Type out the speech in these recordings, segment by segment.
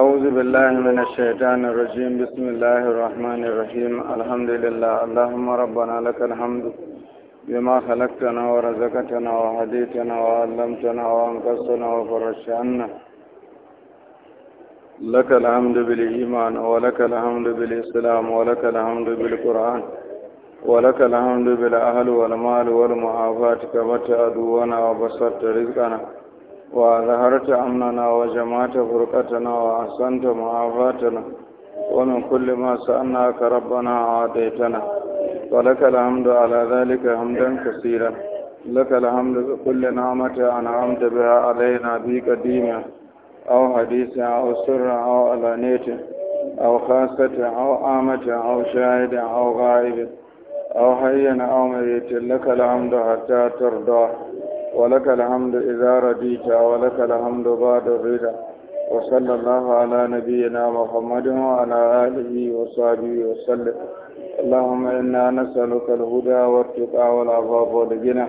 أعوذ بالله من الشيطان الرجيم بسم الله الرحمن الرحيم الحمد لله اللهم ربنا لك الحمد بما خلقتنا ورزقتنا وهديتنا وعلمتنا وانقصتنا وفرشتنا لك الحمد بالإيمان ولك الحمد بالإسلام ولك الحمد بالقرآن ولك الحمد بالأهل والمال والمعافاة كما تأدونا وبسطت رزقنا وظهرت أمننا وجمعت فرقتنا وأحسنت معافاتنا ومن كل ما سألناك ربنا عاديتنا ولك الحمد على ذلك حمدا كثيرا لك الحمد بكل نعمة أنعمت بها علينا في قديمة أو حديث أو سر أو علانية أو خاصة أو آمة أو شاهد أو غائب أو حي أو ميت لك الحمد حتى ترضى ولك الحمد إذا رديت ولك الحمد بعد الرضا وصلى الله على نبينا محمد وعلى آله وصحبه وسلم اللهم إنا نسألك الهدى والتقى والعفاف والغنى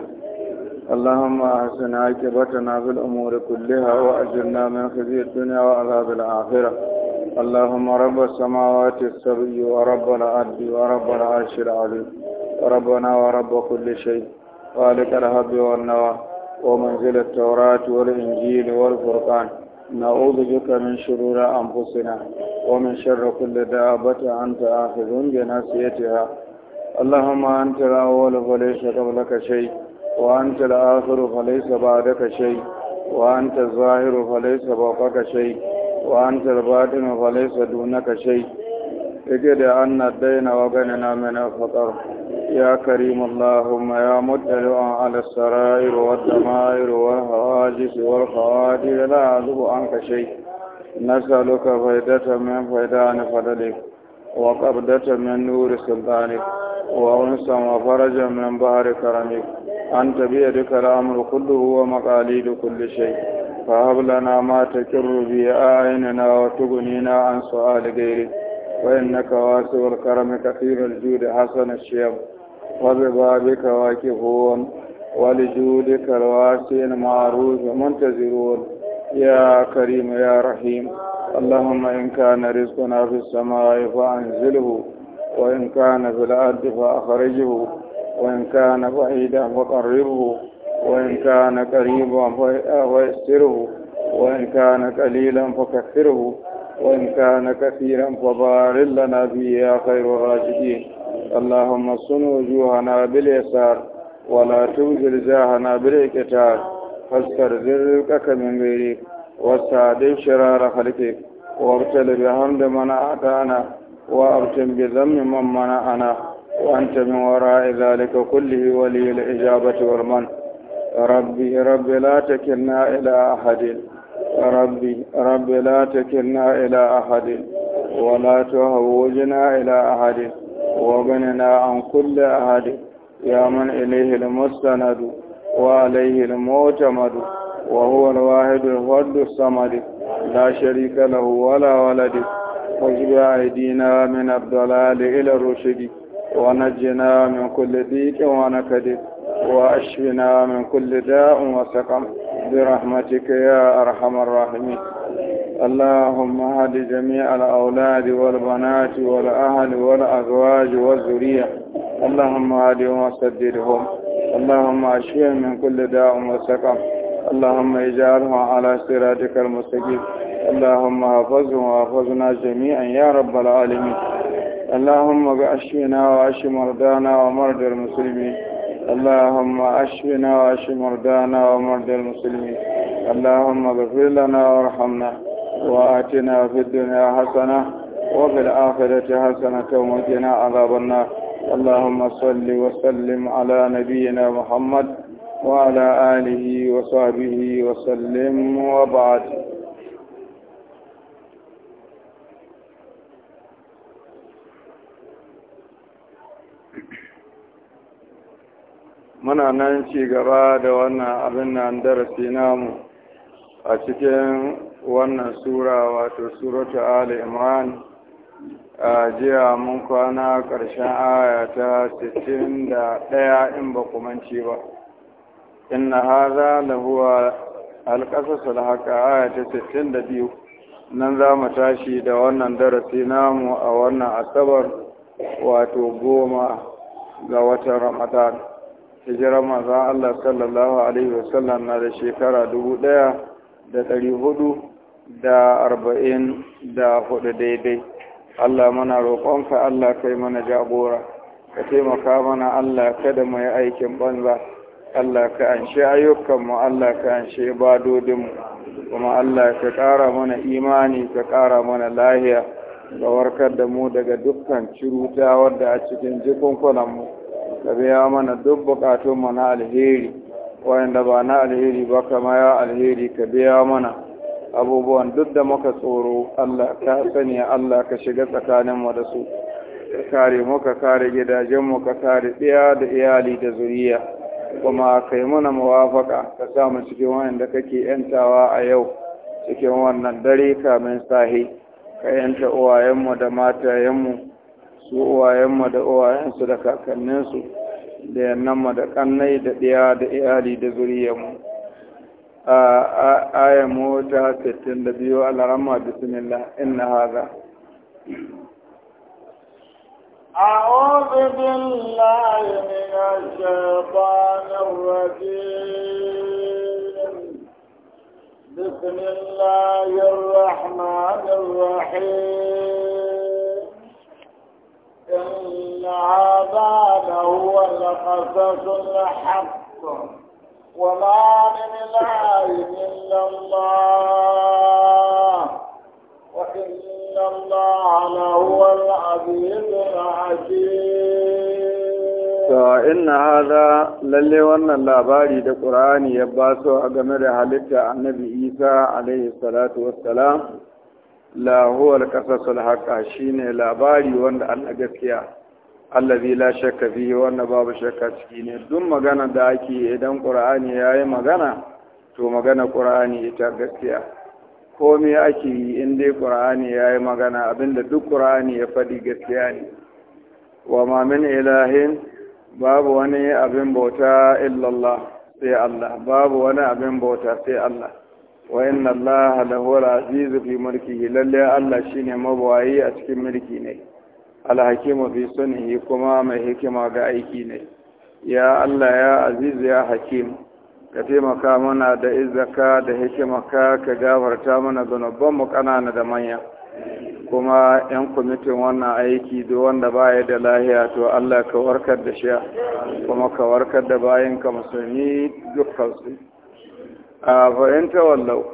اللهم أحسن عاقبتنا في الأمور كلها وأجرنا من خزي الدنيا وعذاب الآخرة اللهم رب السماوات السبع ورب الأرض ورب العرش العظيم ربنا ورب كل شيء خالق الهب والنوى ومنزل التوراة والإنجيل والفرقان نعوذ بك من شرور أنفسنا ومن شر كل دابة أنت آخذ بناصيتها اللهم أنت الأول فليس قبلك شيء وأنت الآخر فليس بعدك شيء وأنت الظاهر فليس فوقك شيء وأنت الباطن فليس دونك شيء اجد أن الدين وغننا من الفقر يا كريم اللهم يا مطلع على السرائر والدمائر والهواجس والخوادر لا أعذب عنك شيء نسألك فيدة من فيدان فضلك وقبضة من نور سلطانك وأنسا وفرجا من بحر كرمك أنت بيدك الأمر كله ومقاليد كل شيء فهب لنا ما تكر به أعيننا وتغنينا عن سؤال غيرك وإنك واسع الكرم كثير الجود حسن الشيم وببابك واكفون ولجودك الواسع المعروف منتظرون يا كريم يا رحيم اللهم إن كان رزقنا في السماء فأنزله وإن كان في الأرض فأخرجه وإن كان بعيدا فقربه وإن كان قريبا فيسره وإن كان قليلا فكثره وإن كان كثيرا فبار لنا به يا خير الراشدين اللهم صن وجوهنا باليسار ولا تنزل جاهنا بالإكتار فاستر رزقك من غيرك واستعدل شرار خلقك وابتل بحمد من أعطانا وابتل بذم من منعنا وأنت من وراء ذلك كله ولي الإجابة والمن ربي ربي لا تكلنا إلى أحد ربي رب لا تكلنا إلى أحد ولا تهوجنا إلى أحد وغننا عن كل أحد يا من إليه المستند وعليه المعتمد وهو الواحد الفرد الصمد لا شريك له ولا ولد واجب أيدينا من الضلال إلى الرشد ونجنا من كل ضيق ونكد وأشفنا من كل داء وسقم برحمتك يا أرحم الراحمين اللهم هد جميع الأولاد والبنات والأهل والأزواج والذرية اللهم هدهم وسددهم اللهم أشفهم من كل داء وسقم اللهم اجعلهم على صراطك المستقيم اللهم حفظهم وحفظنا جميعا يا رب العالمين اللهم اشفنا واشف مرضانا ومرضى المسلمين اللهم أشفنا وأشف مرضانا ومرضى المسلمين اللهم اغفر لنا وارحمنا وآتنا في الدنيا حسنة وفي الآخرة حسنة وقنا عذاب النار اللهم صل وسلم على نبينا محمد وعلى آله وصحبه وسلم وبعد muna nan ci gaba da wannan abin nan darasi namu a cikin wannan sura wato suratu ali imran a jiya mun kwana ƙarshen aya ta 61 in ba kumanci ba inna haza lahuwa alƙasasul haka aya ta 62 nan za mu tashi da wannan darasi namu a wannan asabar wato goma ga watan ramadan hijirar manzan Allah sallallahu Alaihi wasallam na da shekara dubu ɗaya da dari hudu da arba'in da hudu daidai. Allah mana roƙonka Allah kai mana jagora, ka taimaka mana Allah kada mu yi aikin banza, Allah ka anshe ayyukanmu, Allah ka anshe badodinmu, kuma Allah ka ƙara mana imani, ka ƙara mana lahiya, ka warkar da mu daga dukkan ciruta wadda a cikin jikunkunanmu. ka biya mana duk bukatun mu na alheri wayanda ba na alheri ba kama ya alheri ka biya mana abubuwan duk da muka tsoro Allah ka sani Allah ka shiga tsakanin mu da su ka kare mu ka kare gidajen mu ka kare biya da iyali da zuriya kuma kai mana muwafaka ka sa mu cikin wayanda kake yantawa a yau cikin wannan dare kamin sahi ka yanta uwayenmu da matayenmu su uwayenmu da uwayensu da kakanninsu da yannanmu da kannai da ɗiya da iyali da zuriyarmu a ayyamu ta 62 alarama bismillah inna haza أعوذ بالله من الشيطان الرجيم بسم الله الرحمن الرحيم قصص الحق وما من إله إلا الله وإن الله لهو العزيز الحكيم To, inna haza lalle wannan labari da ƙur'ani ya ba baso a game da halitta annabi Isa alaihi salatu wassalam lahuwar sulhaka shi ne labari wanda Allah gaskiya. allazi la shakka fihi wanda babu shakka ciki ne duk magana da ake idan qur'ani yayi magana to magana qur'ani ita gaskiya komai ake yi in dai qur'ani yayi magana abinda duk qur'ani ya faɗi gaskiya ne wa ma min ilahin babu wani abin bauta illallah sai Allah babu wani abin bauta sai Allah wa inna Allah lahu al aziz fi mulkihi lalle Allah shine mabawayi a cikin mulki ne alhakimu fi sunhi kuma mai hikima ga aiki ne ya Allah ya azizu ya hakim ka taimaka mana da izaka da hikima ka ka gafarta mana mu kanana da manya kuma 'yan kwamitin wannan aiki duk wanda baya da lahiya to Allah ka warkar da shi kuma ka warkar da bayan ka musulmi su a fahimta wallau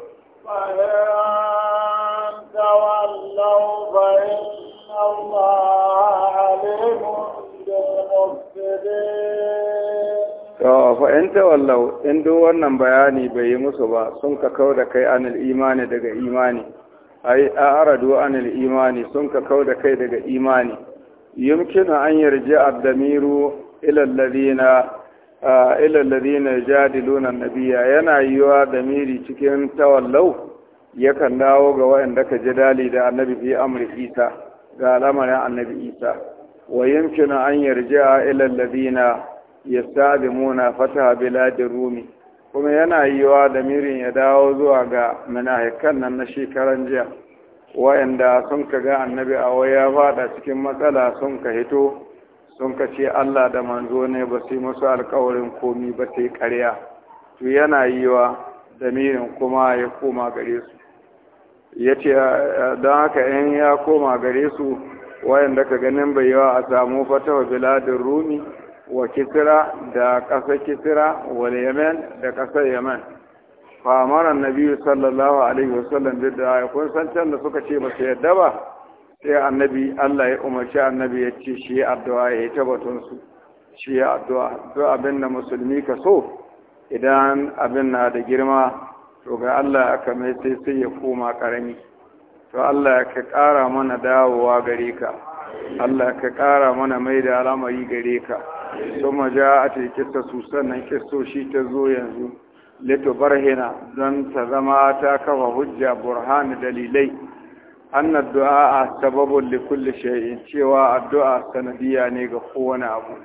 fa'in tawallau in duk wannan bayani bai yi musu ba sun ka kau da kai anil imani daga imani ai a aradu anil imani sun ka kau da kai daga imani yumkinu an yarji abdamiru ilalladina jadiluna nabiya yana yiwa damiri cikin tawallau yakan dawo ga waɗanda ka Dali da annabi fi amri ga lamarin annabi isa wa yumkinu an yarji'a ila alladhina yasta'dimuna fataha biladir rumi kuma yana yiwa da mirin ya dawo zuwa ga munafikan nan na shekaran jiya wayanda sun ka ga annabi a waya fada cikin matsala sun ka hito sun ka ce Allah da manzo ne ba su musu alƙawarin komi ba sai karya to yana yiwa da mirin kuma ya koma gare su ya ce don haka in ya koma gare su wayanda ka ganin bai yawa a samu fatawa biladin rumi wa kisira da ƙasar kisira wa yamen da ƙasar yamen famaran nabi sallallahu alaihi wasallam da ya kun san can da suka ce ba su yadda ba sai annabi Allah ya umarci annabi ya ce shi ya addu'a ya yi tabbatun su shi ya addu'a duk abin da musulmi ka so idan abin na da girma to ga Allah aka mai sai sai ya koma karami to Allah ka ƙara mana dawowa gare ka Allah ka ƙara mana mai da al'amari gare ka sun maja a tekista su sannan kistoshi ta zo yanzu lito barhina don ta zama ta kafa hujja burhani dalilai an addu'a sababin likulli shay'in cewa addu'a sanadiya ne ga kowane abu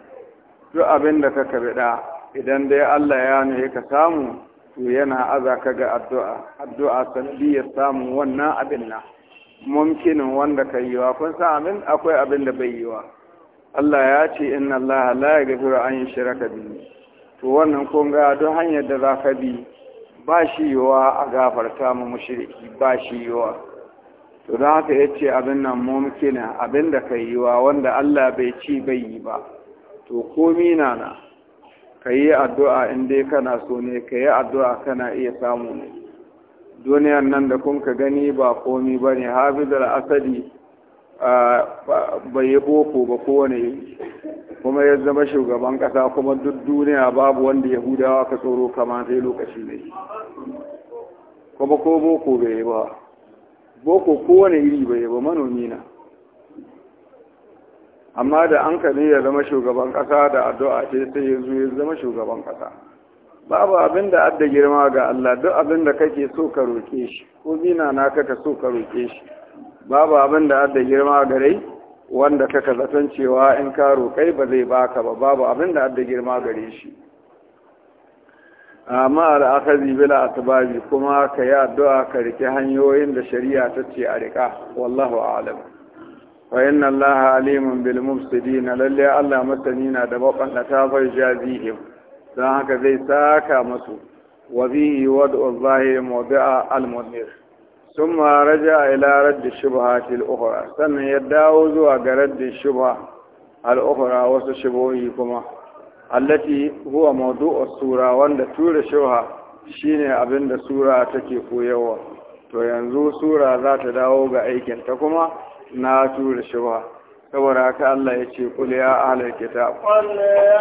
duk abin da ka kabiɗa idan dai Allah ya nuhe ka samu to yana aza ka ga addu'a addu'a sanadiyar samun wannan abin nan. mumkinin wanda ka yi wa kun sa amin akwai abin da bai yi wa Allah ya ce inna Allah la yaghfiru an yushraka bihi to wannan kun ga duk hanyar da za ka bi ba shi yiwa a gafarta mu mushriki ba shi yiwa to da haka yace ce abin nan mumkinin abin da ka yi wa wanda Allah bai ci bai yi ba to komi na na ka yi addu'a in dai kana so ne ka yi addu'a kana iya samu ne duniyar nan da kun ka gani ba komi ba ne hafizar asali bai yi boko ba kowane yi kuma ya zama shugaban kasa kuma duk duniya babu wanda yahudawa ka tsoro kamar zai lokaci ne kuma ko boko bai yi ba boko kowane iri bai yi ba manomi na amma da an kani ya zama shugaban kasa da addu'a ce sai ya zo ya zama shugaban ƙasa babu abin da adda girma ga Allah duk abin da kake so ka roke shi ko zina na kaka so ka roke shi babu abin da adda girma rai, wanda kaka zaton cewa in ka roƙai ba zai baka ba babu abin da adda girma gare shi amma al'akazi bila asbabi kuma ka yi addu'a ka rike hanyoyin da shari'a ta ce a riƙa wallahu a'lam wa inna allaha alimun bil mufsidin lalle Allah masani na da baban da ta bai jazihim don haka zai saka musu wa bihi wad'u zahir mawdi'a al munir thumma raja'a ila radd shubhat al ukhra sannan ya dawo zuwa ga radd shubha al ukhra wasu shubuhi kuma allati huwa mawdu'u sura wanda tura shubha shine abinda sura take koyarwa to yanzu sura za ta dawo ga aikinta kuma na tura shi ba saboda haka Allah ya ce kul ya ahlal kitab qul ya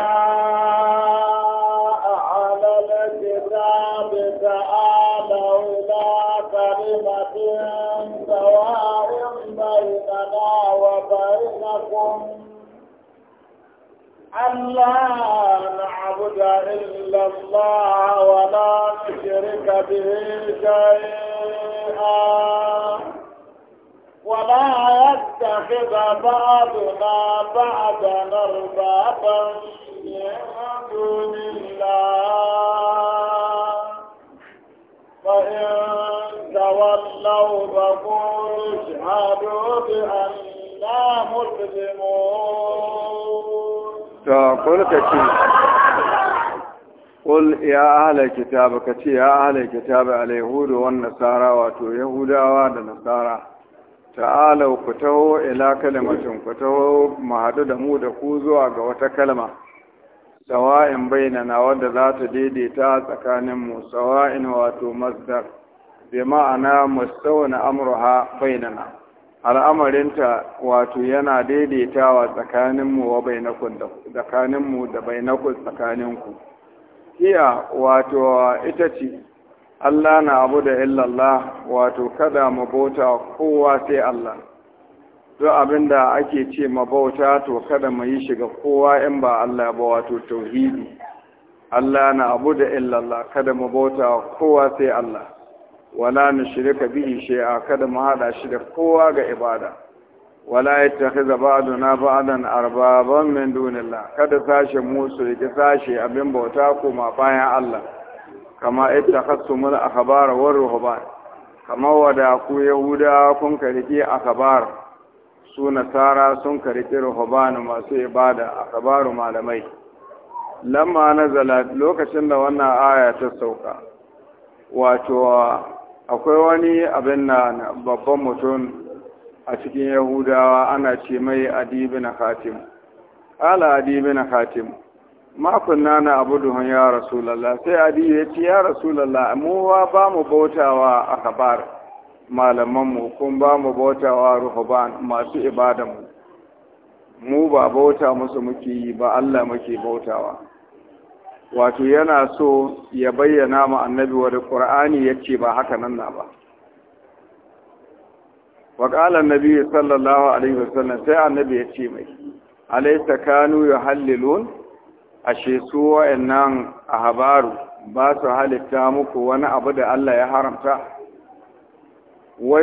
ahlal kitab ta'alu ila kalimatin sawa'in bainana wa bainakum نعبد إلا الله ولا نشرك به شيئا ولا يتخذ بعضنا بعضا أربابا من دون الله فإن تولوا فقولوا اشهدوا بأننا مسلمون. تقول Kul ya ahalar kitaba ka ce ya ahalar kitaba a Yahudu wan Nasara wato Yahudawa da Nasara. ta'alau ku taho ila kalimatin ku taho mu haɗu da mu da ku zuwa ga wata kalma sawa'in bainana wadda za ta daidaita tsakanin mu sawa'in wato masdar bi ma'ana mustawna amruha bainana al'amarinta wato yana daidaitawa tsakanin mu wa bainakum da tsakanin mu da bainakum tsakanin ku hiya wato ita ce Allah na abu da illallah wato kada mabauta kowa sai Allah duk abin da ake ce mabauta to kada mu yi shiga kowa in ba Allah ba wato tauhidi Allah na abu da illallah kada mabauta kowa sai Allah wala shirka bihi shay'a kada mu haɗa shi da kowa ga ibada wala yattakhidha ba'duna ba'dan arbaban min dunillah kada sashe musu su sashe abin bauta kuma bayan Allah kama ita hassumul akhbar war ruhban kama wada ku yahuda kun karike akhbar su nasara sun karike ruhban masu ibada akhbaru malamai lamma nazala lokacin da wannan aya ta sauka wato akwai wani abin na babban mutum a cikin yahudawa ana ce mai adibin khatim ala adibin khatim Makonna nana abu duhun ya rasulallah sai adiyu ya ce ya rasulallah muwa ba mu bautawa a kabar malamanmu kun ba mu bautawa ruhuban masu ibadanmu mu ba bauta musu muke yi ba Allah muke bautawa wato yana so ya bayyana ma annabi wa da ya yace ba haka nan na ba wa qala annabi sallallahu alaihi wasallam sai annabi yace mai alaysa kanu yuhallilun ashe su wa'annan habaru ba su halitta muku wani abu da Allah ya haramta wa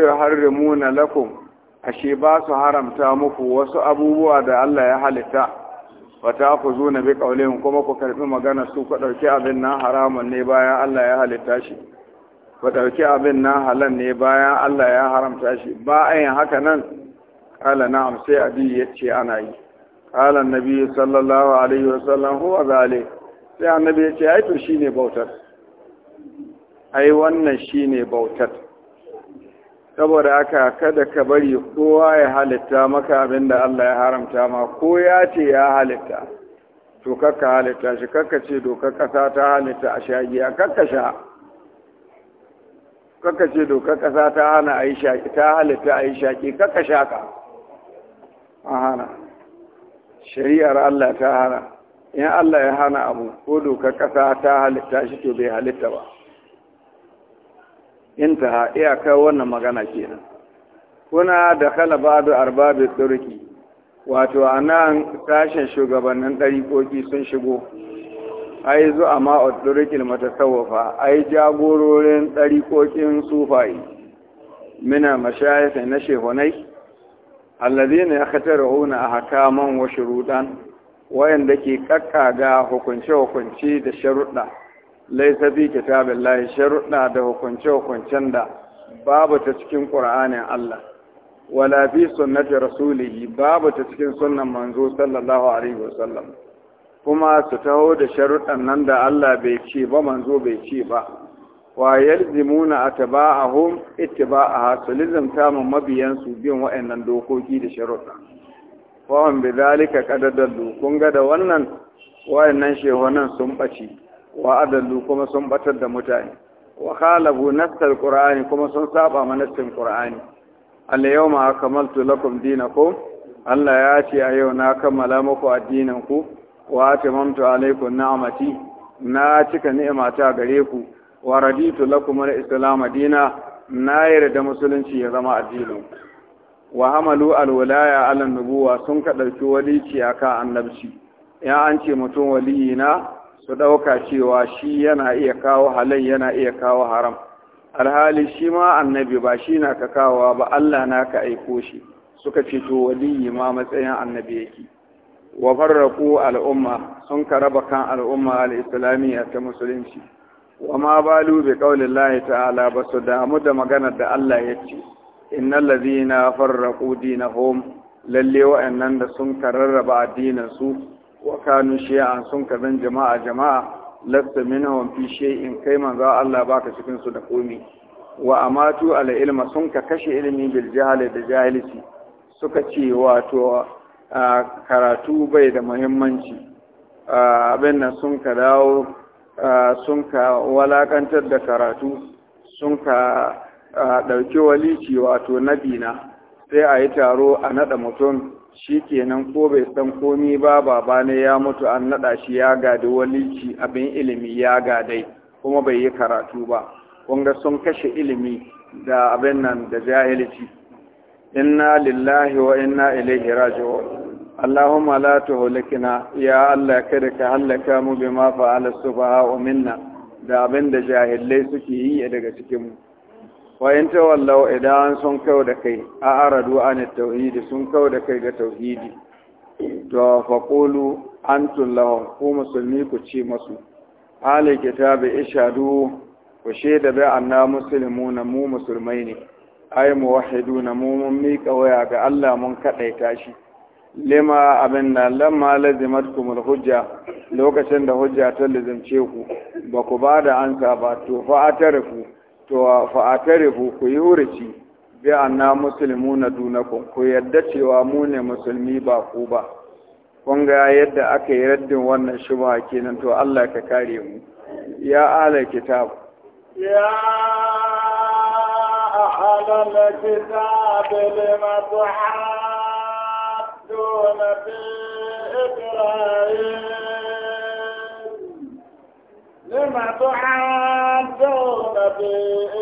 na lakum ashe ba su haramta muku wasu abubuwa da Allah ya halitta wata ku zo na bi kaulin kuma ku karbi magana su ku dauki abin nan haramun ne bayan Allah ya halitta shi ku dauki abin nan halal ne bayan Allah ya haramta shi ba ayin haka nan kala na'am sai abi yace ana yi قال النبي صلى الله عليه وسلم هو ذلك sai annabi ya ce aito shi ne bautar ai wannan shi ne bautar saboda aka kada ka bari kowa ya halitta maka abin da Allah ya haramta ma ko ya ce ya halitta to kakka halitta shi kakka ce dokar kasa ta halitta a shagiya kakka sha kakka ce dokar kasa ta hana a yi shaki ta halitta a yi shaki kakka ka, a hana shari'ar Allah ta hana in Allah ya hana abu ko doka ƙasa ta halitta shi to bai halitta ba in ta iyaka wannan magana kenan kuna da kala babu arbabin turki wato anan sashen shugabannin ɗariƙoƙi sun shigo ai zuwa mata turkin matasawwafa ai jagororin ɗariƙoƙin sufayi mina mashayikh na shehunai alladhina yakhtaruna ahkaman wa shurutan wayanda ke kakkaga hukunce-hukunce da sharuɗa laisa bi kitabin layi, sharuɗa da hukunce-hukuncen da babu ta cikin ƙura'anin Allah wala fi sunnati rasulihi babu ta cikin sunnan manzo sallallahu alaihi wasallam kuma su taho da sharuɗan nan da Allah bai ce ba manzo bai ce ba wa yalzimuna atba'ahum ittiba'aha su lizamta mun mabiyansu bin wa'annan dokoki da sharuɗa wa hum bidhalika qad dallu kun ga da wannan wa'annan shehunan sun bace wa adallu kuma sun batar da mutane wa khalabu nassal qur'ani kuma sun saba ma qur'ani al yawma akmaltu lakum dinakum Allah ya ce a yau na kammala muku addinin ku wa atamamtu alaikum ni'mati na cika ni'imata gare ku wa raditu lakum al-islam dina na yarda musulunci ya zama addinin wa hamalu al-wilaya ala nubuwa sun ka dauki walici aka annabci ya an ce mutum waliyi na su dauka cewa shi yana iya kawo halal yana iya kawo haram alhali shi ma annabi ba shi na ka kawo ba Allah na ka aiko shi suka ce to waliyi ma matsayin annabi yake wa farraku al'umma sun ka raba kan al'umma al-islamiyya ta musulunci wa ma balu bi qawli ta'ala ba su damu da maganar da Allah ya ce innal ladhina farraqu dinahum lalle wa'annan da sun kararraba addinin su wa kanu shi'an sun zan jama'a jama'a lasta minhum fi shay'in kai manzo Allah baka cikin su da komi wa amatu ala ilma sun ka kashe ilmi bil jahali da jahilci suka ce wato karatu bai da muhimmanci abin nan sun ka dawo sun ka walakantar da karatu sun ka ɗauki walici wato nabina sai a yi taro a naɗa mutum shi kenan ko bai san komi ba baba ne ya mutu an naɗa shi ya gadi walici abin ilimi ya gadai kuma bai yi karatu ba wanga sun kashe ilimi da abin nan da jahilci inna lillahi wa inna ilaihi raji'un Allahumma la tuhlikna ya Allah kada ka halaka mu bima fa'ala subha'u da abin da jahilai suke yi daga cikin mu wa in idan sun kau da kai a aradu an tauhidi sun kau da kai ga tauhidi to fa qulu antum lahum ku musulmi ku ce masu ahli kitabi ishadu ku shaida bi anna muslimuna mu musulmai ne ay muwahhiduna mu mun miƙa waya ga Allah mun kadaita shi lima abin da lamma lazimat kumul hujja lokacin da hujja ta lazimce ku ba ku ba da ansa ba to fa'atarifu to fa'atarifu ku yi bi anna muslimuna dunakum ku yadda cewa mu ne musulmi ba ku ba kun ga yadda aka yi raddin wannan shuba kenan to Allah ka kare mu ya ala kitab ya ahla kitab lima tuhar يبدون في إبراهيم لم تعادون في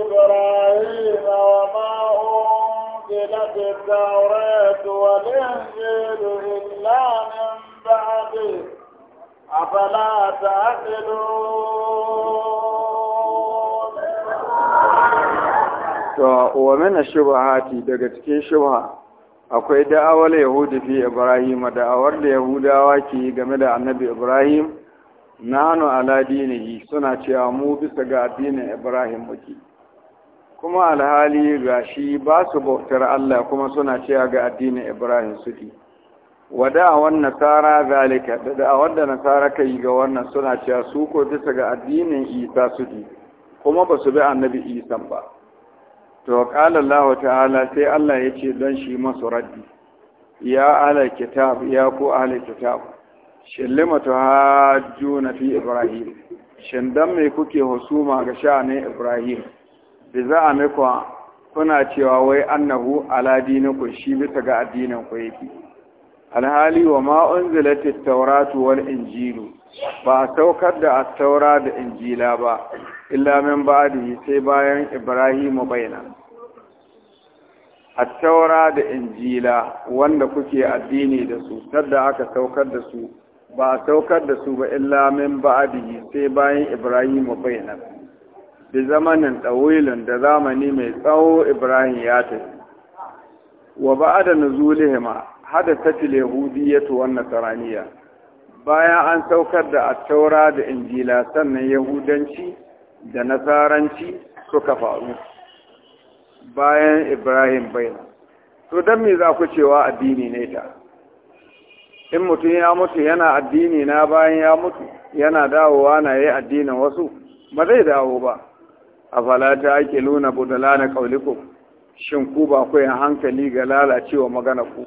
إبراهيم وما أنزلت التوراة والإنجيل إلا من بعده أفلا تعقلون ومن الشبهات دقت كي شبهه akwai da'awar yahudi fi ibrahim da'awar da yahudawa ke game da annabi ibrahim nanu ala dinihi suna cewa mu bisa ga addinin ibrahim muke kuma alhali ga shi ba su bautar allah kuma suna cewa ga addinin ibrahim suke wa wannan nasara zalika da da'awar da nasara ka yi ga wannan suna cewa su ko bisa ga addinin isa suke kuma ba su bi annabi isan ba to qala Allah ta'ala sai Allah ya ce don shi masu raddi ya ala kitab ya ku ala kitab shillimatu na fi ibrahim shin dan me kuke husuma ga sha'anin ibrahim bi ku kuna cewa wai annahu ala dinikum shi bisa ga addinin ku yake alhali wa ma unzilatit tawratu wal injilu ba a saukar da taura da injila ba illa min ba'di sai bayan ibrahim bayna taura da injila wanda kuke addini da su sadda aka saukar da su ba a saukar da su ba illa min ba'di sai bayan ibrahim bayna da zamanin tawilin da zamani mai tsawo ibrahim ya tafi wa ba'da nuzulihima hada tatil yahudiyyatu wan nasraniyya bayan an saukar da attaura da injila sannan yahudanci da nasaranci suka faru bayan ibrahim baina to don me za ku cewa addini ne ta in mutum ya mutu yana addini na bayan ya mutu yana dawowa na yi addinin wasu ba zai dawo ba a falata ake nuna budala na kaulikum shin ku ba ku yin hankali ga lalacewa magana ku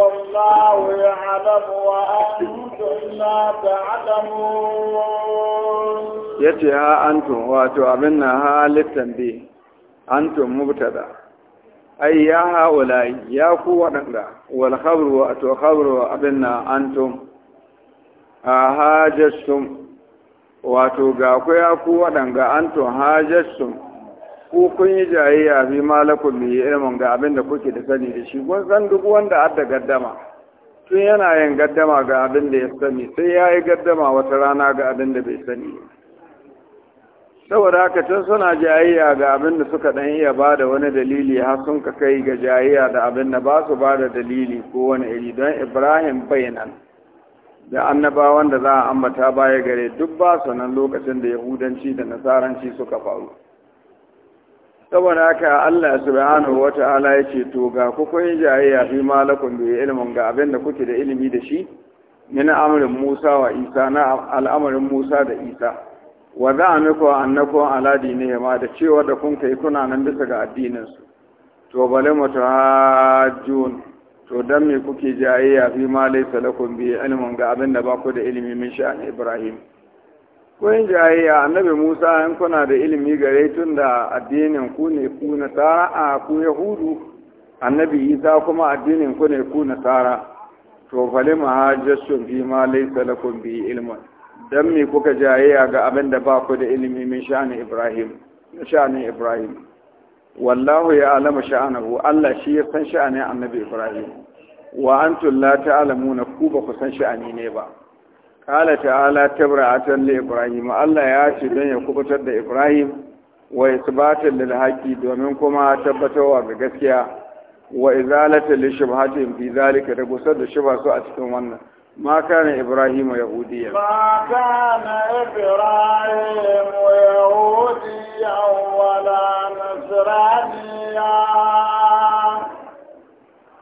والله يعلم وأنتم لا تعلمون يتي ها أنتم واتو أمنا ها للتنبيه أنتم مبتدا أي يا هؤلاء يا قوة والخبر واتو خبر وأبنا أنتم أهاجستم wato ga ku ya ku waɗanga an ku kun yi jayayya bi malakun mai ilmin ga abin da kuke da sani da shi kun duk wanda adda gaddama tun yana yin gaddama ga abin da ya sani sai ya yi gaddama wata rana ga abin da bai sani saboda haka tun suna jayayya ga abin da suka dan iya ba da wani dalili har sun ka kai ga jayayya da abin da ba su ba da dalili ko wani iri don ibrahim nan. da annabawan da za a ambata baya gare duk ba su nan lokacin da yahudanci da nasaranci suka faru saboda haka Allah subhanahu wata'ala ya ce to ga ku kun jayayya fi malakun bi ilmin ga abin da kuke da ilimi da shi min amrin Musa wa Isa na al'amarin Musa da Isa wa za'anuku annakum ala ma da cewa da kun kai kuna nan bisa ga addinin su to bale mutahajjun to dan me kuke jayayya fi ma laysa lakum bi ilmin ga abin da ba ku da ilimi min sha'an Ibrahim kun jayayya annabi musa in kuna da ilimi gare tun da addinin ku ne ku nasara a ku yahudu annabi isa kuma addinin ku ne ku nasara to fali mahajjatun fi ma laysa lakum bi ilmun dan me kuka jayayya ga abinda da ba ku da ilimi min sha'ani ibrahim sha'ani ibrahim wallahu ya alama sha'anahu allah shi ya san sha'anin annabi ibrahim wa antum la ta'lamuna ku ba ku san sha'ani ne ba kala ta'ala tabra'atan li ibrahim Allah ya ce don ya kubutar da ibrahim wa isbatan lil haqi domin kuma tabbatarwa ga gaskiya wa izalata li shubhatin fi zalika da gusar da shubha su a cikin wannan Ibrahim ya إبراهيم يهوديا ما كان إبراهيم يهوديا ولا نصرانيا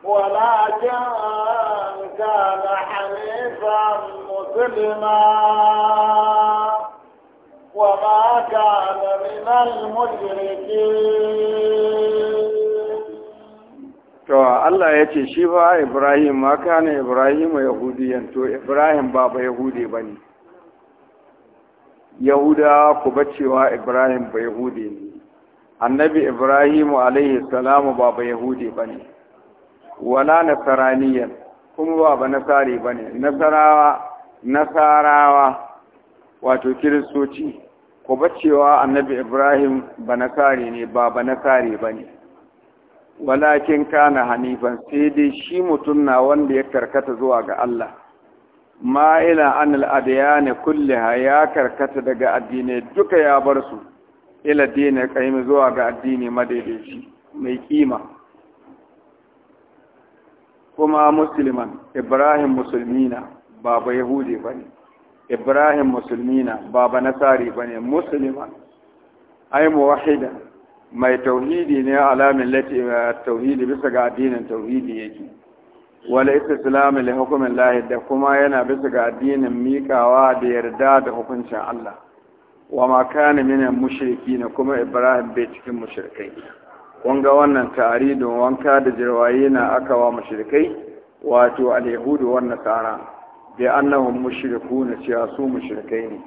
ولكن كان حنيفا مسلما وما كان من المشركين To Allah ya ce shi ba Ibrahim ma kane Ibrahim Yahudi to Ibrahim ba ba Yahudi ba ne. Yahuda ku ba cewa Ibrahim ba Yahudi ne. Annabi Ibrahim alaihi salamu ba ba Yahudi ba ne. wala nasaraniyan kuma ba ba nasari ba nasarawa nasarawa wato kiristoci ko cewa annabi ibrahim ba nasari ne ba ba nasari ba ne walakin kana hanifan sai dai shi mutum na wanda ya karkata zuwa ga allah ila an al'adiyana kulle ya karkata daga addini duka ya bar su ila dina kaimi zuwa ga addini madaidaici mai kima kuma musulman, ibrahim musulmina baba yahudi ba ne, ibrahim musulmina baba nasari ba ne, musulman? ai muwahida mai tauhidi ne alamin lati eh, tauhidi bisa ga addinin tauhidi yake wala istislamu li hukumin lahi da kuma yana bisa ga addinin mikawa da yarda da hukuncin Allah wa ma kana mushriki na kuma ibrahim bai cikin mushrikai kun ga wannan don wanka da jirwaye na aka wa mushrikai wato al wannan tsara, da bi annahum mushrikuna cewa su mushrikai ne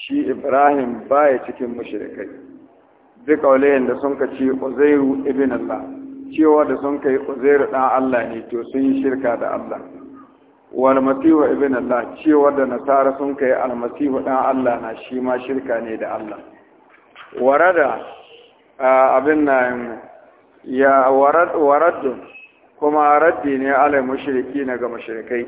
shi Ibrahim baya cikin mushrikai duk kaulayen da sun kace Uzairu ibn Allah cewa da sun kai Uzairu dan Allah ne to sun yi shirka da Allah wal masihu ibn Allah cewa da nasara sun kai al masihu dan Allah na shi ma shirka ne da Allah warada abin na ya waraddun kuma raddi ne ala mushriki ne ga mushrikai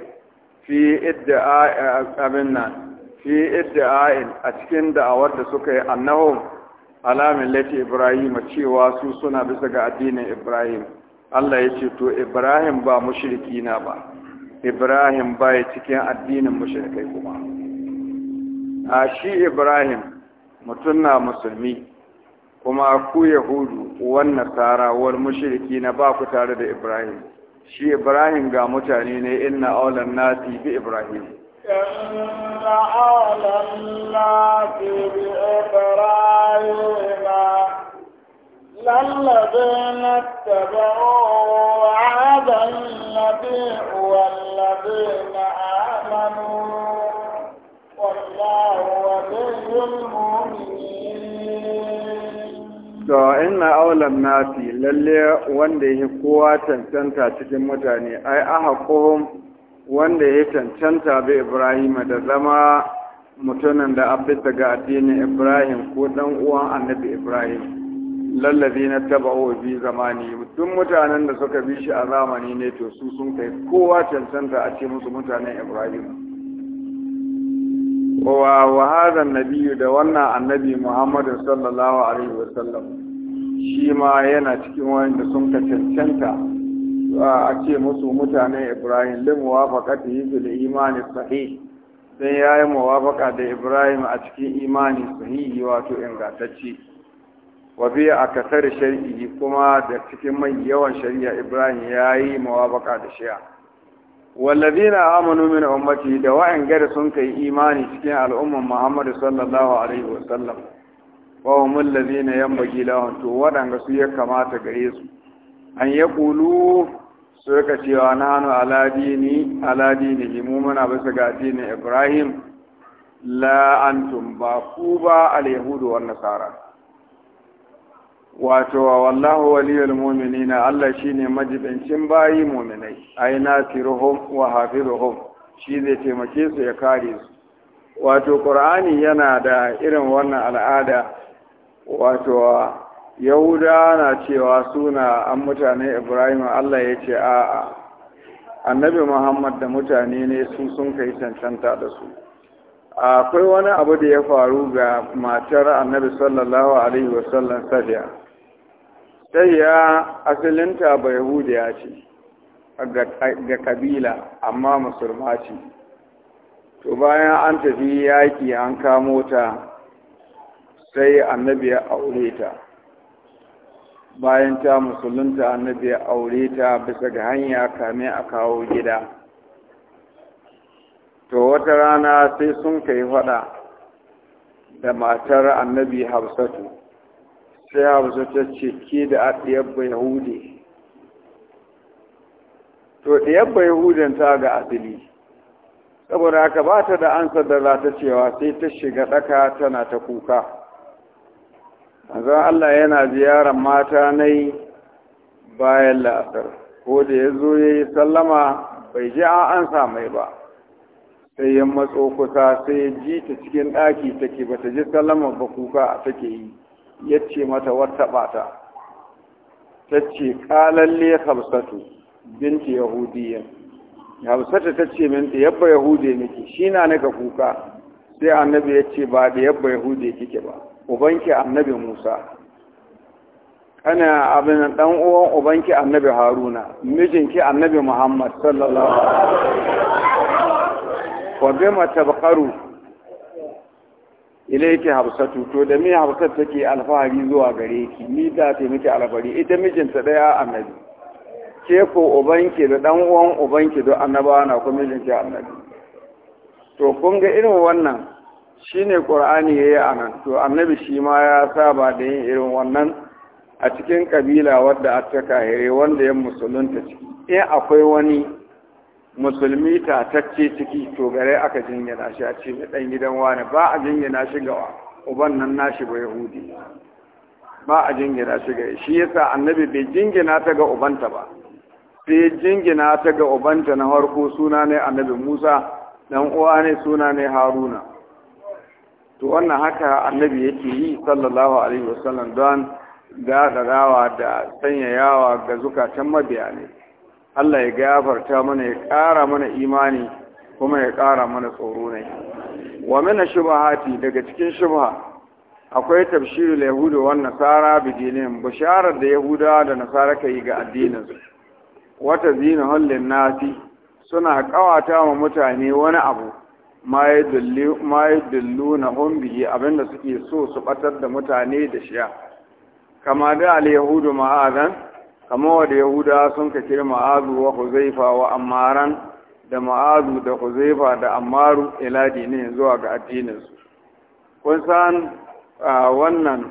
fi idda'a abin nan fi idda'in a cikin da'awar da suka yi annahu alamin lati ibrahim cewa su suna bisa ga addinin ibrahim Allah ya ce to ibrahim ba mushriki na ba ibrahim ba ya cikin addinin mushrikai kuma a shi ibrahim mutum na musulmi kuma ku yahudu wan nasara wal mushriki na ba ku tare da ibrahim shi ibrahim ga mutane ne inna aulan nasi bi ibrahim inna aulan nasi bi ibrahim للذين اتبعوا هذا النبي والذين آمنوا والله ولي المؤمنين to inna aulan nasi lalle wanda ya kowa cancanta cikin mutane ai aha kohon wanda ya cancanta bi ibrahim da zama mutumin da abisa ga addinin ibrahim ko dan uwan annabi ibrahim lallabi na taba bi zamani duk mutanen da suka bi shi a zamani ne to su sun kai kowa cancanta a ce musu mutanen ibrahim wa wa hadha nabiyyu da wannan annabi Muhammadu sallallahu alaihi wa sallam shi ma yana cikin wanda sun ka cancanta a ce musu mutane Ibrahim yi muwafaqati bil imani sahih dan yayi muwafaqa da Ibrahim a cikin imani sahihi wato ingantacce wa a kasar shar'i kuma da cikin mai yawan shari'a Ibrahim yayi muwafaqa da shi'a walladina amanu min ummati da wa'an gada sun kai imani cikin al'ummar Muhammad sallallahu alaihi wa sallam wa hum to wadanga su ya kamata gare su an ya su ka cewa nanu ala dini ala dini mu muna bisa ga dinin Ibrahim la antum ba ku ba wan nasara wato wa wallahu waliyul mu'minina Allah shine majibincin bayi mu'minai aina tiruhum wa hafiruhum shi zai taimake su ya kare su wato qur'ani yana da irin wannan al'ada wato yahuda na cewa suna an mutane ibrahim Allah ya ce a'a annabi muhammad da mutane ne su sun kai cancanta da su akwai wani abu da ya faru ga matar annabi sallallahu alaihi wasallam safiya ya asalinta ba yahudiya ce ga kabila amma musulma ce to bayan an tafi yaƙi an kamo ta sai annabi ya aure ta bayan ta musulunta annabi ya aure ta bisa ga hanya kame a kawo gida to wata rana sai sun kai fada da matar annabi hafsatu sai hamsu ta ce ke da a ɗiyabba yahudi to ɗiyabba yahudin ta ga asali saboda aka ba ta da ansa da za ta cewa sai ta shiga ɗaka tana ta kuka azan allah yana ziyarar mata nai bayan la'asar ko da ya zo ya yi sallama bai ji an ansa mai ba sai ya matso kusa sai ya ji ta cikin ɗaki take ba ta ji sallama ba kuka take yi ya ce mata wata bata ta ce kalalle hamsatu binti yahudiyya hamsatu ta ce minta yabba yahudiyya miki shi na nika kuka sai annabi ya ce ba da yabba yahudiyya kike ba ubanki annabi musa kana abin dan uwan ubanki annabi haruna mijinki annabi muhammad sallallahu alaihi wasallam wa bima tabqaru yake hafsatu to da me hafsat take alfahari zuwa gare ki ni da ta miki alfahari ita mijinta daya annabi ke ko ubanki da dan uwan ubanki da annaba na ko mijin ki, annabi to kun ga irin wannan shine qur'ani yayi anan to annabi shi ma ya saba da yin irin wannan a cikin kabila wadda aka wanda ya musulunta ciki in akwai wani musulmi tatacce ciki to gare aka jingina shi a ce ɗan gidan wani ba a jingina shi ga uban nan nashi ba yahudi ba a jingina shi ga shi yasa annabi bai jingina ta ga ubanta ba sai jingina ta ga ubanta na harko suna ne annabi musa dan uwa ne suna ne haruna to wannan haka annabi yake yi sallallahu alaihi wasallam don gaɗarawa da sanyayawa ga zukatan mabiya ne Allah ya gafarta mana ya ƙara mana imani kuma ya ƙara mana tsoro ne wa mana shubahati daga cikin shubha akwai tafsirul yahudu wan nasara bi dinin bisharar da yahuda da nasara kai ga addinin su wata hallin Nasi suna kawata wa mutane wani abu ma yadullu na yadulluna bihi abinda suke so su batar da mutane da shiya kama da al yahudu ma'adan kamar wadda yahuda sun kace ma'azu wa huzaifa wa ammaran da ma'azu da huzaifa da ammaru ila dinin zuwa ga addininsu kun san wannan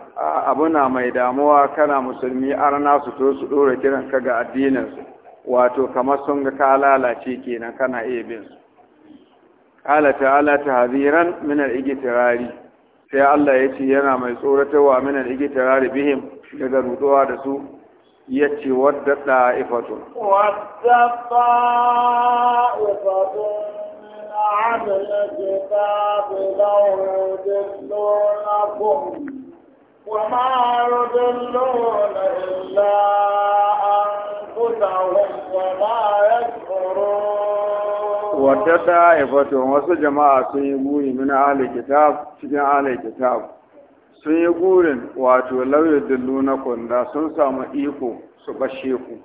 abuna mai damuwa kana musulmi arna su to su dora kiran ka ga addininsu wato kama sun ga ka lalace kenan kana iya bin su qala ta'ala ta min al-ijtirari sai Allah ya ce yana mai tsoratarwa min al-ijtirari bihim daga ruduwa da su ya ce wadda ɗa'ifatun wadda ɗa'ifatun عن الكتاب لو يضلونكم وما يضلون إلا أنفسهم وما يشعرون وتدعي فتهم وسجماعة سيبوي من أهل الكتاب سجن أهل الكتاب sun yi gurin wato lauya na kwanda sun samu iko su bashe ku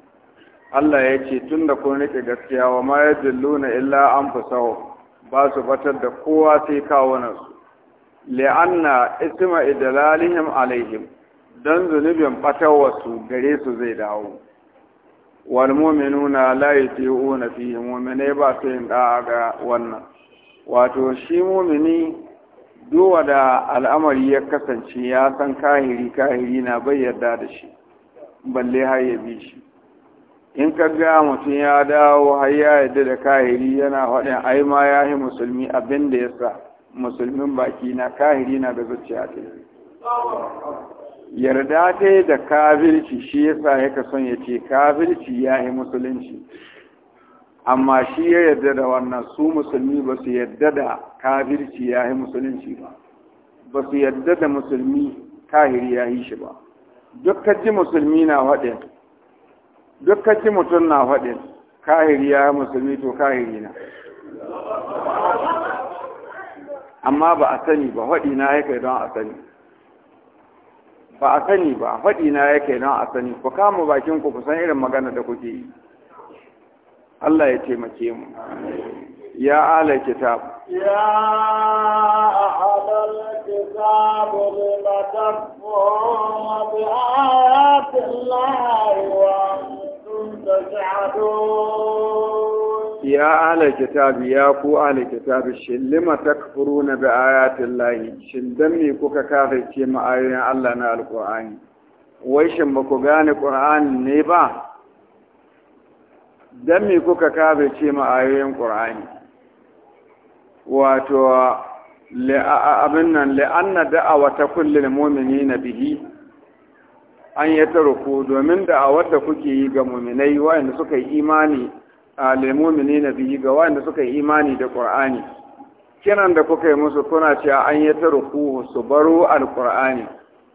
Allah ya ce tun da kun rike gaskiya wa ma ya illa an fusahu ba su batar da kowa sai kawunansu li'anna isma idlalihim alaihim dan zunubin fatawarsu gare su zai dawo wal mu'minuna la yati'una fihi mu'minai ba su yin da'a ga wannan wato shi mu'mini Dowa da al'amari ya kasance ya san kahiri kahiri na bai yarda da shi balle har ya bi shi in ka ga mutum ya dawo har ya yadda da kahiri yana faɗin ai ma ya yi musulmi abin da ya sa musulmin baki na kahiri na da zuciya ta yarda ta da kafirci shi yasa yaka son ya ce kafirci ya yi musulunci amma shi ya yarda da wannan su musulmi ba su yarda da kafirci ya yi musulunci ba ba su yarda da musulmi kahiri ya yi shi ba dukkan ji musulmi na faɗin dukkan ji mutum na faɗin kahiri ya yi musulmi to kahiri na amma ba a sani ba faɗi na yake don a sani ba a sani ba faɗi na yake don a sani ku kama bakin ku ku san irin magana da kuke yi Allah ya taimake mu ya ala kitab ya ahlal kitab lima tafuruna bi ayati llahi wa antum taj'alun ya ala kitab ya ku ala kitab shin lima takfuruna bi ayati llahi shin dan me kuka kafirce ma Allah na alqur'ani wai shin ba ku gane qur'ani ne ba don me kuka kabe ce ma'ayoyin ƙur'ani wato abin nan la'anna da'awa ta kullum mumini na bihi an yi ruku. domin da'awar da kuke yi ga muminai wa'anda suka yi imani a limomini na bihi ga wa'anda suka yi imani da ƙur'ani kiran da kuka yi musu kuna cewa an yi ruku su baro alƙur'ani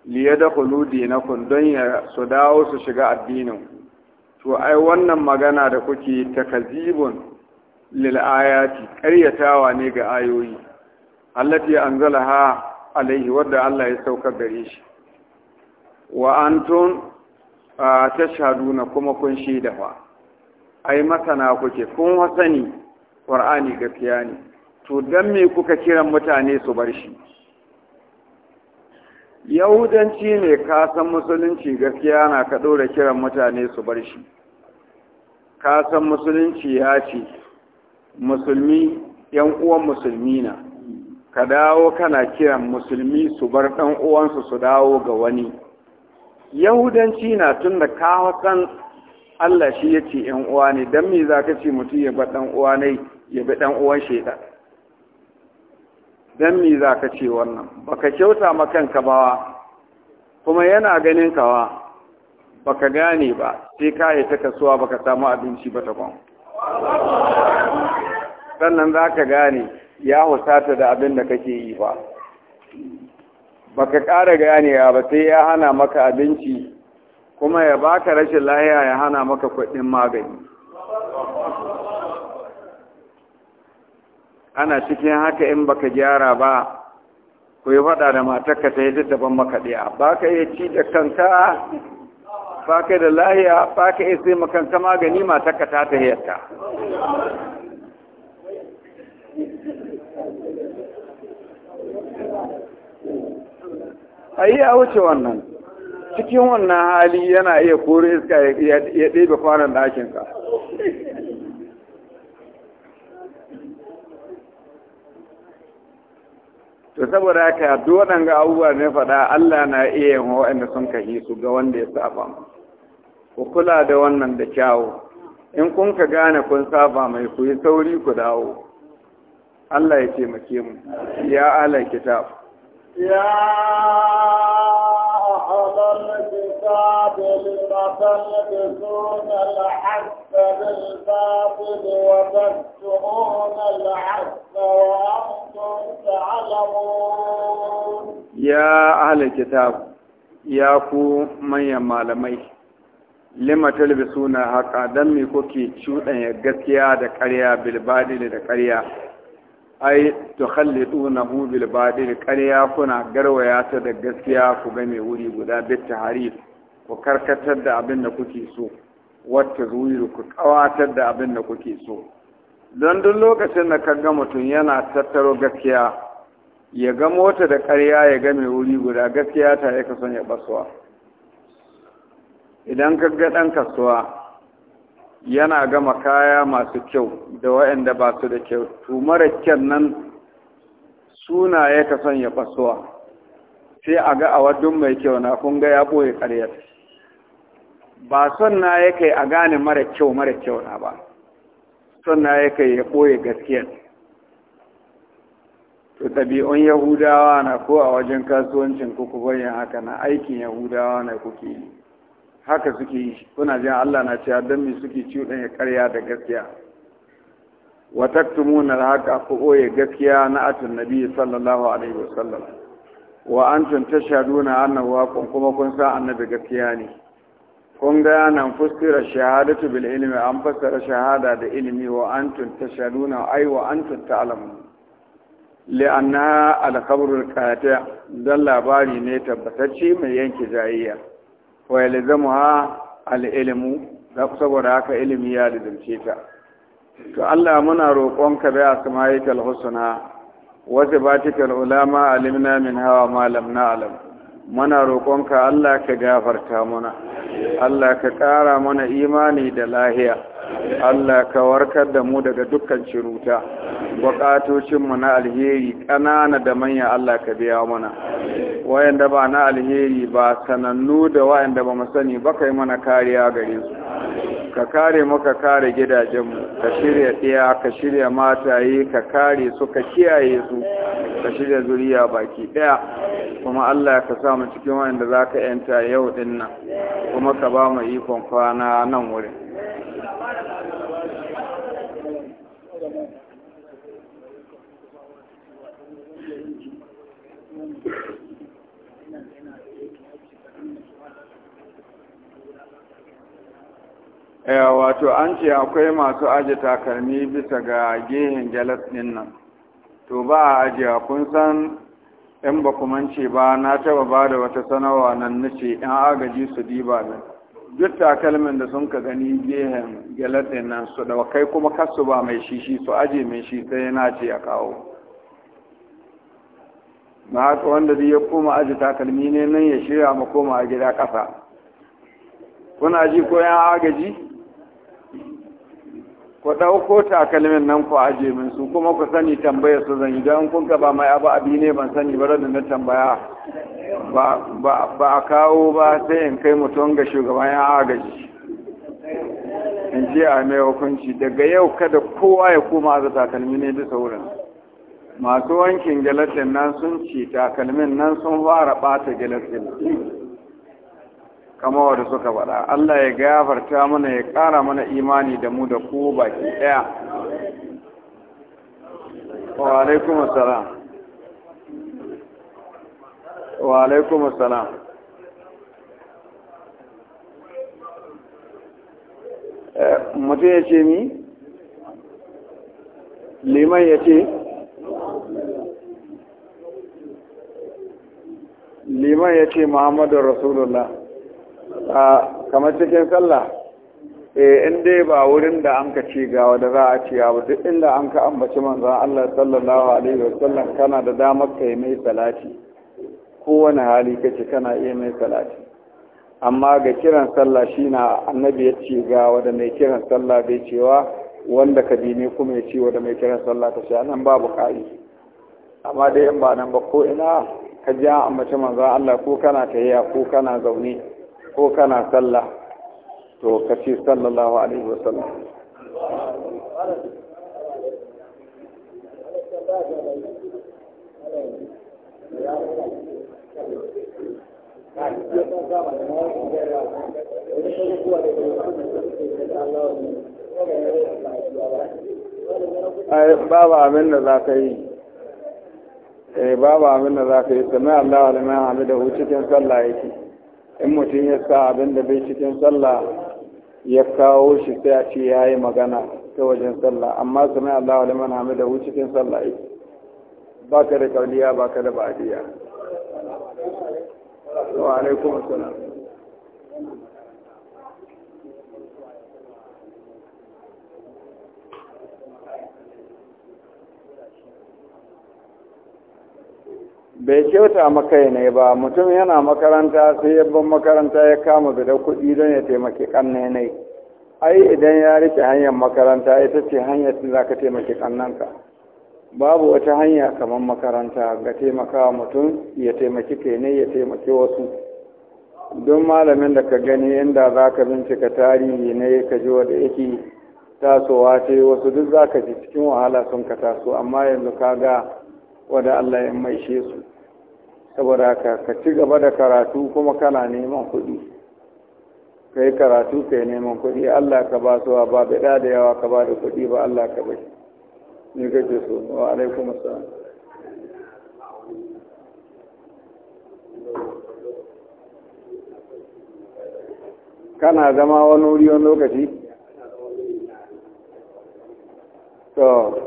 liya da kuludi na don su dawo su shiga addinin to ai wannan magana da kuke takazibun lil ayati ƙaryatawa ne ga ayoyi allati anzalaha alaihi wadda Allah ya sauka gare shi wa antum tashhaduna kuma kun shaida fa ai masana kuke kun wasani qur'ani gaskiya ne to dan me kuka kiran mutane su bar shi yahudanci ne ka san musulunci gaskiya na ka ɗora kiran mutane su bar shi ka san musulunci ya ce musulmi yan musulmi na ka dawo kana kiran musulmi su bar ɗan su dawo ga wani yahudanci na tun da ka san Allah shi ya ce ‘yan ne don me za ka ce mutum ya bar ɗan ne ya bi ɗan uwan shaidan don me za ka ce wannan baka kyauta ma kanka kuma yana ganin kawa baka gane ba sai ka yi ta kasuwa baka samu abinci ba takwan sannan za ka gane ya husata da abin da kake yi ba baka ƙara ganewa ba sai ya hana maka abinci kuma ya baka rashin lahiya ya hana maka kuɗin magani ana cikin haka in baka gyara ba ku yi faɗa da matarka ta yi duk daban maka ɗaya ba ka iya ci da kanka ba ka da lahiya ba ka iya sai makanka magani matarka ta ta hiyarta a yi a wuce wannan cikin wannan hali yana iya kore iska ya ɗebe kwanan ɗakinka to saboda haka duk ga abubuwa ne faɗa Allah na iya yin waɗanda sun kahi su ga wanda ya saba ku kula da wannan da kyawu in kun ka gane kun saba mai ku yi sauri ku dawo Allah ya taimake mu ya ala kitab ya Waɗanne Jafil da Sani da Sunna Ya halarci ta ya fi manyan malamai. Lima talabijin suna haka don me kuke cuɗanya gaskiya da ƙarya bilbaɗin da ƙarya. ai tukhallidunahu bil batil ƙarya kuna garwaya ta da gaskiya ku ga mai wuri guda bit taharif ku karkatar da abin da kuke so wata ruwiru ku kawatar da abin da kuke so don duk lokacin da kaga mutum yana tattaro gaskiya ya ga mota da ƙarya ya ga mai wuri guda gaskiya ta yi son ya basuwa idan kaga ɗan kasuwa yana gama kaya masu kyau da waɗanda ba su da kyau to mara kyan nan suna ya ka sanya fasuwa sai a ga a wadun mai kyau na kun ga ya ɓoye ƙaryar ba son na ya kai a gane mara kyau mara kyau na ba son na ya kai ya ɓoye gaskiyar to ɗabi'un yahudawa na ko a wajen kasuwancin kuku bayan haka na aikin yahudawa na kuke yi haka suke yi kuna jin Allah na cewa don me suke ɗan ya karya da gaskiya wa taktumuna al-haqa ku oye gaskiya na atin nabi sallallahu alaihi wasallam wa antum tashhaduna annahu haqqun kuma kun sa annabi gaskiya ne kun ga nan fustira shahadatu bil ilmi an fassara shahada da ilmi wa antum tashhaduna ay wa antum ta'lamun li'anna al-khabrul qati' dan labari ne tabbatacce mai yanke jayayya wa yalzamuha al-ilmu saboda haka ilimi ya lizimce ta to Allah muna roƙonka bi asma'ikal husna wa Batikal, ulama alimna min hawa ma lam alam. muna roƙonka Allah ka gafarta mana Allah ka ƙara mana imani da lahiya Allah ka warkar da mu daga dukkan ciruta buƙatocinmu na alheri ƙanana da manya Allah ka biya mana wayanda ba na alheri ba sanannu da wayanda ba mu sani ba kai mana kariya gare su ka kare mu ka kare mu ka shirya ɗaya ka shirya mataye ka kare su ka kiyaye su ka shirya zuriya baki ɗaya kuma Allah ka sa mu cikin wayanda zaka yanta yau din nan kuma ka ba mu ikon kwana nan wurin Thank you. Eh, wato an ce akwai masu aje takalmi bisa ga gehen jalas ɗin nan to ba a ajiya kun san in ba kuma ce ba na taba ba da wata sanawa nan na ce yan agaji su diba nan duk takalmin da sun ka gani gehen jalas ɗin nan su da kai kuma kasu ba mai shishi su aje mai shi sai na ce a kawo na haka wanda zai ya koma aji takalmi ne nan ya shirya ma koma a gida ƙasa kuna ji ko yan agaji ku ɗauko takalmin nan ku aje min su kuma ku sani tambaya su zan yi don kun ka ba mai abu abi ne ban sani ba da na tambaya ba a kawo ba sai in kai mutum ga shugaban ya agaji in ji a mai hukunci daga yau kada kowa ya koma aza takalmi ne bisa wurin masu wankin galatin nan sun ci takalmin nan sun fara ɓata galatin kama wadda suka faɗa Allah ya gafarta mana ya ƙara mana imani da mu da ku baki ɗaya wa alaikum assalam wa alaikum assalam eh, mutum ya ce ni liman ya ce liman ya ce muhammadun rasulullah kamar cikin sallah eh, in dai ba wurin da an ka ci gawa da za a ciya ba duk inda an ka ambaci manzan Allah sallallahu alaihi wa sallam kana da damar ka yi mai salati kowane hali kace kana iya mai salati amma ga kiran sallah shi na annabi ya ci gawa da mai kiran sallah bai cewa wanda ka bi ne kuma ya wa da mai kiran sallah ta sha nan babu kai amma dai in ba nan ba ko ina ka ji an ambaci manzan Allah ko kana tayya ko kana zaune ko kana sallah to ka ce sallallahu alaihi wasallam babu abin da za ka yi eh, babu abin da za ka yi sami Allah wa liman cikin sallah yake in mutum ya sa abin da bai cikin sallah ya kawo shi sai a ce ya yi magana ta wajen sallah amma mai Allah liman hamidahu cikin sallah yi ba ka da kauliya ba ka da ba'adiyya wa bai kyauta maka ne ba mutum yana makaranta sai yabban makaranta ya kama bida kuɗi don ya taimaki ƙanne ne ai idan ya rike hanyar makaranta ita ce hanyar da za ka taimaki kannanka babu wata hanya kamar makaranta ga taimakawa mutum ya taimaki kai ya taimaki wasu don malamin da ka gani inda za ka bincika tarihi ne ka ji wanda yake tasowa ce wasu duk za ka ji cikin wahala sun ka taso amma yanzu ka ga wanda Allah ya maishe su saboda ka ka ci gaba da karatu kuma kana neman kuɗi ka yi karatu ka yi neman kuɗi allah ka ba su ba ɗa da yawa ka ba da kuɗi ba allah ka bai ni ce so wa alaikum assalam kana zama wani wuri wani lokaci? to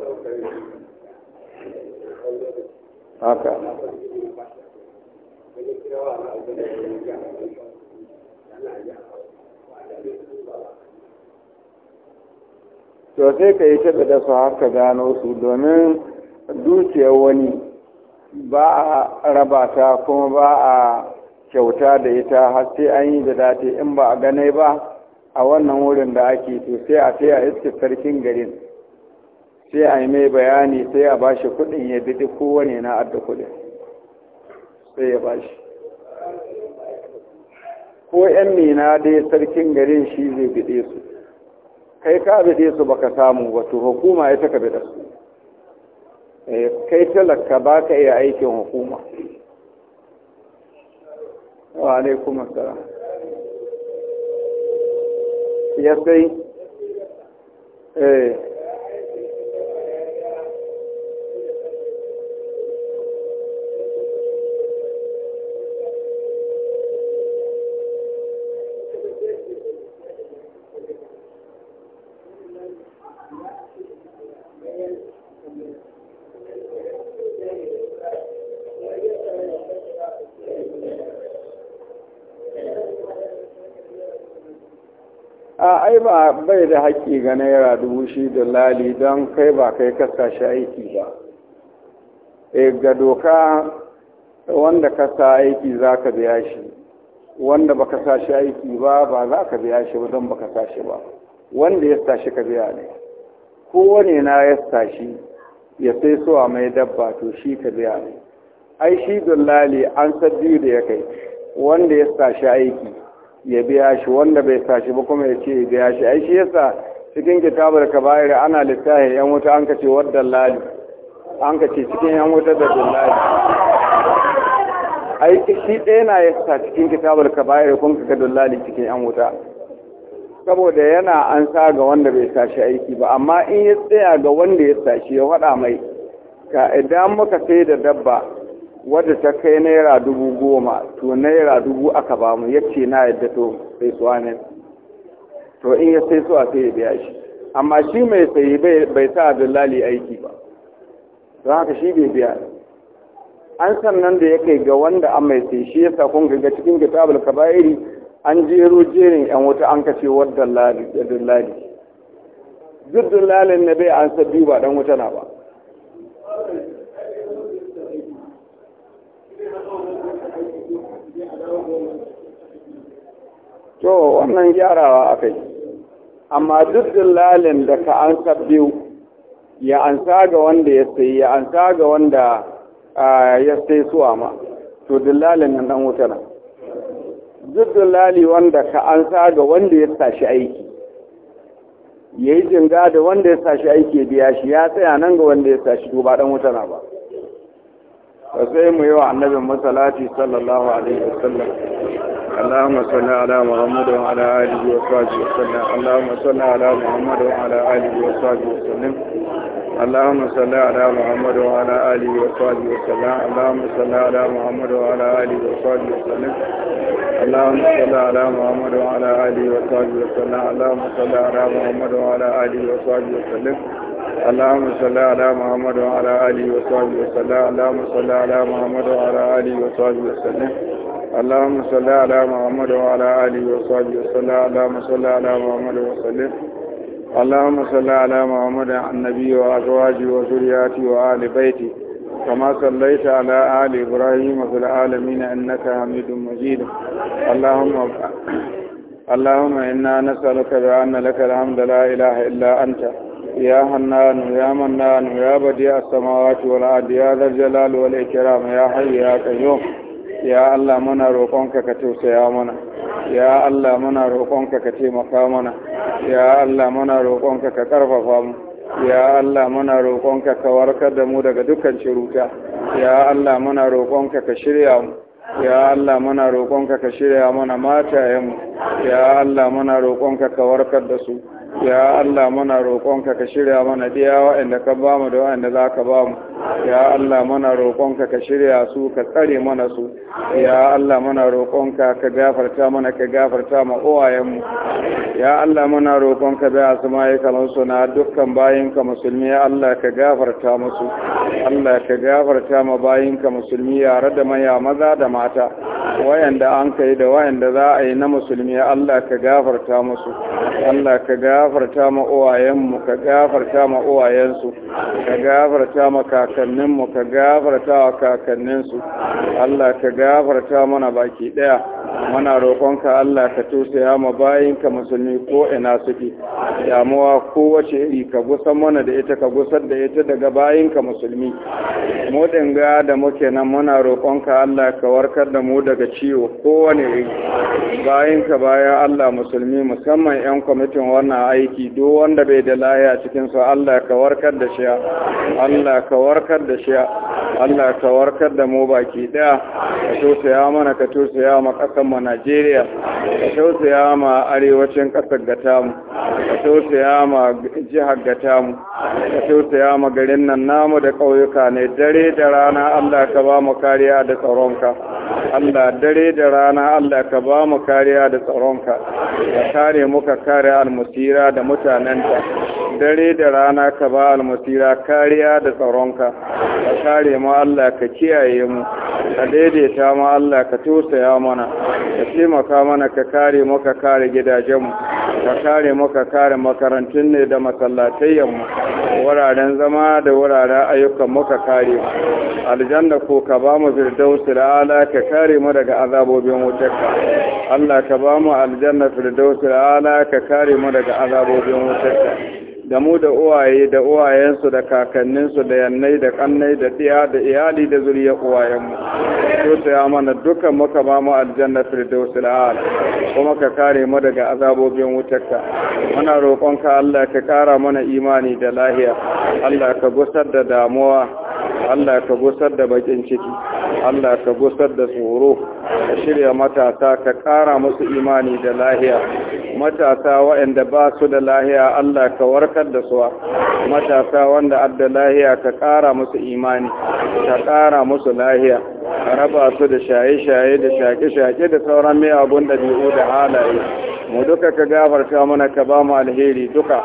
to sai ka yi ta da su haka gano su domin dukiyar wani ba a raba ta kuma ba a kyauta da ita har sai an yi da dati in ba a gane ba a wannan wurin da ake to sai a sai a iske sarkin garin sai a yi mai bayani sai a ba shi kuɗin ya biɗi kowane na adda kuɗin sai ya bashi ko yan mina dai sarkin garin shi zai bide su kai ka bide su baka samu wato hukuma ita taka bide su eh, kai talaka ba ka iya aikin hukuma wa kuma assalam ya sai eh kai ba bai da haƙƙi ga naira dubu shi da lali don kai ba kai kasa shi aiki ba e ga doka wanda ka sa aiki za ka biya shi wanda ba ka sa shi aiki ba ba za ka biya shi ba don ba ka sa shi ba wanda ya sa shi ka biya ne kowane na ya sa shi ya sai so a mai dabba to shi ka biya ne ai shi dullali an san biyu da ya kai wanda ya sa shi aiki ya biya shi wanda bai sa shi ba kuma ya ce ya biya shi ai shi yasa cikin kitabar kaba'ir ana littahi yan wuta an kace wadda lali an kace cikin yan wuta da dillali ai shi ɗaya na yasa cikin kitabar kaba'ir kun ka dillali cikin yan wuta saboda yana an sa ga wanda bai sa shi aiki ba amma in ya tsaya ga wanda ya sa shi ya faɗa mai ka idan muka sai da dabba wadda ta kai naira dubu goma to naira dubu aka ba mu ya ce na yadda to sai suwa ne to in ya sai suwa sai ya biya shi amma shi mai sayi bai sa abdullali aiki ba don haka shi bai biya an sannan da ya kai ga wanda an mai sai shi ya sa kun ga cikin kitabul kaba'iri an jero jerin yan wuta an kace wadda dullali duk dullalin ne bai an sabbi ba dan wuta na ba to wannan gyarawa akai amma duk dillalin da ka an biyu ya ansa ga wanda ya sai ya an saga wanda ya sai suwa ma to dillalin nan dan wuta nan duk dillali wanda ka ansa ga wanda ya tashi aiki ya yi jinga da wanda ya tashi aiki biya shi ya tsaya nan ga wanda ya tashi to ba dan wuta na ba sai mu yi wa annabin masalati sallallahu alaihi wasallam اللهم صل على محمد وعلى آله وصحبه وسلم اللهم صل على محمد وعلى آله وصحبه وسلم اللهم صل على محمد وعلى آله وصحبه وسلم اللهم صل على محمد وعلى آله وصحبه وسلم اللهم صل على محمد وعلى آله وصحبه وسلم اللهم صل على محمد وعلى آله وصحبه وسلم اللهم صل على محمد وعلى آله وصحبه وسلم اللهم صل على محمد وعلى آله وصحبه وسلم اللهم صل على محمد وعلى آله وصحبه وسلم اللهم صل على محمد وسلم اللهم صل على محمد النبي وأزواجه وذرياته وآل بيته كما صليت على آل إبراهيم في العالمين إنك حميد مجيد اللهم اللهم إنا نسألك بأن لك الحمد لا إله إلا أنت يا حنان يا منان يا بديع السماوات والأرض يا ذا الجلال والإكرام يا حي يا قيوم ya Allah muna roƙonka ka tausaya mana ya Allah muna roƙonka ka taimaka mana ya Allah muna roƙonka ka ƙarfafa mu ya Allah muna roƙonka ka warkar da mu daga dukkan ciruta ya Allah muna roƙonka ka shirya mu ya Allah muna roƙonka ka shirya mana matayenmu ya Allah muna roƙonka ka warkar da su ya Allah muna roƙonka ka shirya mana diya waɗanda ka ba mu da waɗanda za ka ba mu ya Allah muna roƙonka ka shirya su ka tsare mana su ya Allah muna roƙonka ka gafarta mana ka gafarta ma uwayenmu ya Allah muna roƙonka da asma'i kalansu na dukkan bayinka musulmi ya Allah ka gafarta musu Allah ka gafarta ma bayinka musulmi yare da maya maza da mata wayanda an kai da wayanda za a yi na musulmi Allah ka gafarta musu Allah ka gafarta ma uwayenmu ka gafarta ma uwayensu ka gafarta ma kakanninmu ka gafarta wa kakanninsu Allah ka gafarta mana baki daya muna roƙonka Allah ka ya ma bayinka musulmi ko ina suke damuwa kowace iri ka gusan mana da ita ka gusar da ita daga bayinka musulmi mu dinga da muke nan muna roƙonka Allah ka warkar da mu daga daga ciwo kowane iri bayan ka bayan Allah musulmi musamman 'yan kwamitin wannan aiki duk wanda bai da laya cikin su Allah ka warkar da shi Allah ka warkar da shi Allah ka warkar da mu baki daya ka ya mana ka ya ma kasar mu Najeriya ka ya ma arewacin kasar mu, ka ya ma jihar mu, ka ya ma garin nan namu da ƙauyuka ne dare da rana Allah ka ba mu kariya da tsaronka Allah dare da rana Allah ka ba mu kariya da tsaronka ka kare mu ka kare almusira da mutanenta dare da rana ka ba almusira kariya da tsaronka ka kare mu Allah ka kiyaye mu ka daidaita mu Allah ka tosaya mana ka taimaka mana ka kare mu ka kare gidajenmu ka kare mu ka kare makarantun ne da masallatayyanmu wuraren zama da wuraren ayyukan mu ka kare aljanna ko ka ba mu firdausul da ka ka kare mu daga azabobin wutarka Allah ka ba mu aljanna firdausul ala ka kare mu daga azabobin wutarka da mu da uwaye da uwayensu da kakanninsu da yannai da kannai da diya da iyali da zuriya uwayenmu to ta ya mana dukan muka ba mu aljanna firdausul ala kuma ka kare mu daga azabobin wutarka muna roƙonka Allah ka kara mana imani da lahiya Allah ka gusar da damuwa Allah ka gusar da bakin ciki Allah ka gusar da tsoro ka shirya matasa ka ƙara musu imani da lahiya matasa waɗanda ba su da lahiya Allah ka warkar da suwa matasa wanda adda lahiya ka ƙara musu imani ka ƙara musu lahiya raba su da shaye-shaye da shaƙe-shaƙe da sauran mai abun ɗabi'u da halaye mu duka ka gafarta mana ka ba mu alheri duka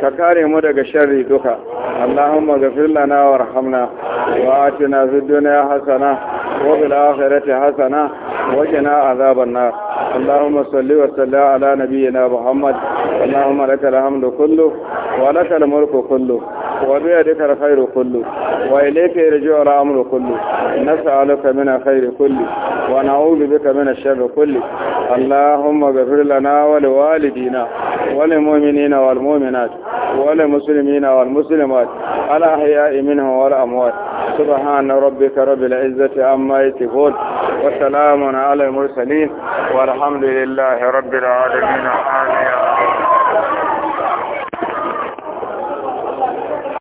ka kare mu daga sharri duka allahumma ghafir lana warhamna wa atina fid dunya hasana wa fil akhirati hasana wa qina azaban nar اللهم Wa وسلم على نبينا محمد اللهم لك الحمد كله ولك الملك كله وبيدك الخير كله وإليك يرجع الأمر كله نسأل نسألك من الخير كله ونعوذ بك من الشر كله اللهم اغفر لنا ولوالدينا وللمؤمنين والمؤمنات وللمسلمين والمسلمات الأحياء منهم والأموات سبحان ربك رب العزة عما يتفون وسلام على المرسلين والحمد لله رب العالمين آمين